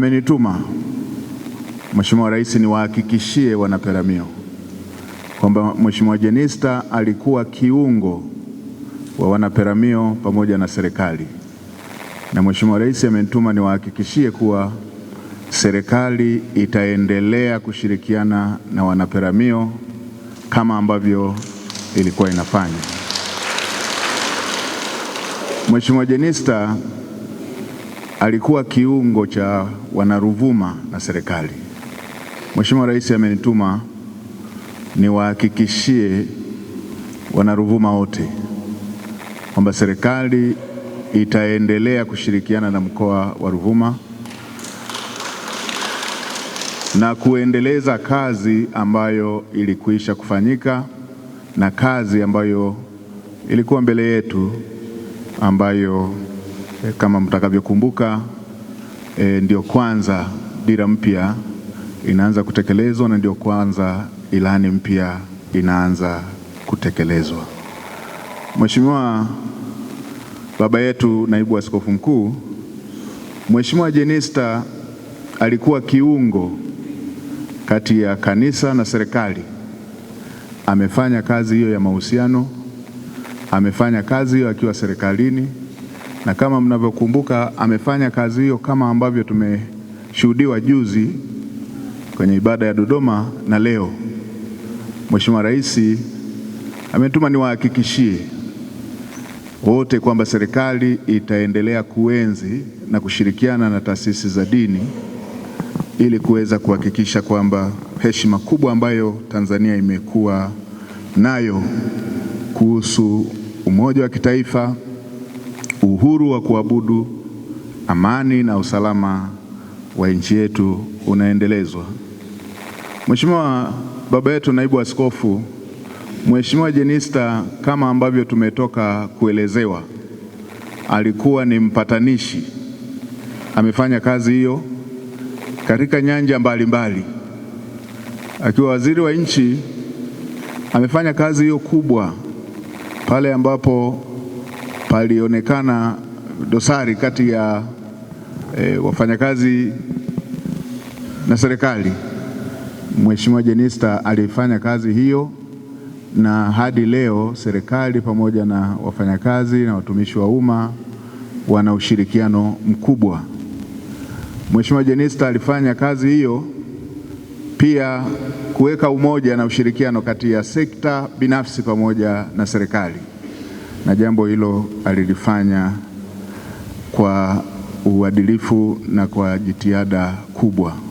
Amenituma Mheshimiwa Rais niwahakikishie wanaperamio kwamba Mheshimiwa Jenista alikuwa kiungo wa wanaperamio pamoja na serikali, na Mheshimiwa Rais amenituma niwahakikishie kuwa serikali itaendelea kushirikiana na wanaperamio kama ambavyo ilikuwa inafanya. Mheshimiwa Jenista alikuwa kiungo cha wanaruvuma na serikali. Mheshimiwa Rais amenituma niwahakikishie wanaruvuma wote kwamba serikali itaendelea kushirikiana na mkoa wa Ruvuma na kuendeleza kazi ambayo ilikwisha kufanyika na kazi ambayo ilikuwa mbele yetu ambayo e, kama mtakavyokumbuka e, ndio kwanza dira mpya inaanza kutekelezwa na ndio kwanza ilani mpya inaanza kutekelezwa. Mheshimiwa baba yetu naibu askofu mkuu, Mheshimiwa Jenista alikuwa kiungo kati ya kanisa na serikali. Amefanya kazi hiyo ya mahusiano, amefanya kazi hiyo akiwa serikalini na kama mnavyokumbuka amefanya kazi hiyo kama ambavyo tumeshuhudiwa juzi kwenye ibada ya Dodoma na leo. Mheshimiwa Rais ametuma niwahakikishie wote kwamba serikali itaendelea kuenzi na kushirikiana na taasisi za dini ili kuweza kuhakikisha kwamba heshima kubwa ambayo Tanzania imekuwa nayo kuhusu umoja wa kitaifa uhuru wa kuabudu, amani na usalama wa nchi yetu unaendelezwa. Mheshimiwa baba yetu naibu askofu, Mheshimiwa Jenista, kama ambavyo tumetoka kuelezewa, alikuwa ni mpatanishi, amefanya kazi hiyo katika nyanja mbalimbali mbali. Akiwa waziri wa nchi amefanya kazi hiyo kubwa pale ambapo palionekana dosari kati ya e, wafanyakazi na serikali. Mheshimiwa Jenista alifanya kazi hiyo na hadi leo serikali pamoja na wafanyakazi na watumishi wa umma wana ushirikiano mkubwa. Mheshimiwa Jenista alifanya kazi hiyo pia kuweka umoja na ushirikiano kati ya sekta binafsi pamoja na serikali na jambo hilo alilifanya kwa uadilifu na kwa jitihada kubwa.